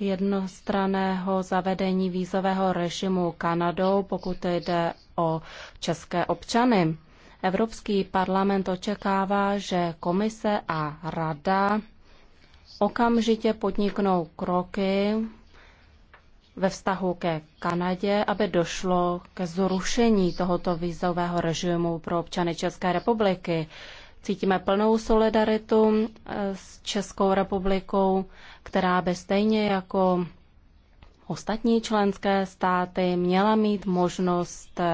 jednostraného zavedení vízového režimu Kanadou, pokud jde o české občany. Evropský parlament očekává, že komise a rada okamžitě podniknou kroky ve vztahu ke Kanadě, aby došlo ke zrušení tohoto vízového režimu pro občany České republiky. Cítíme plnou solidaritu eh, s Českou republikou, která by stejně jako ostatní členské státy měla mít možnost eh,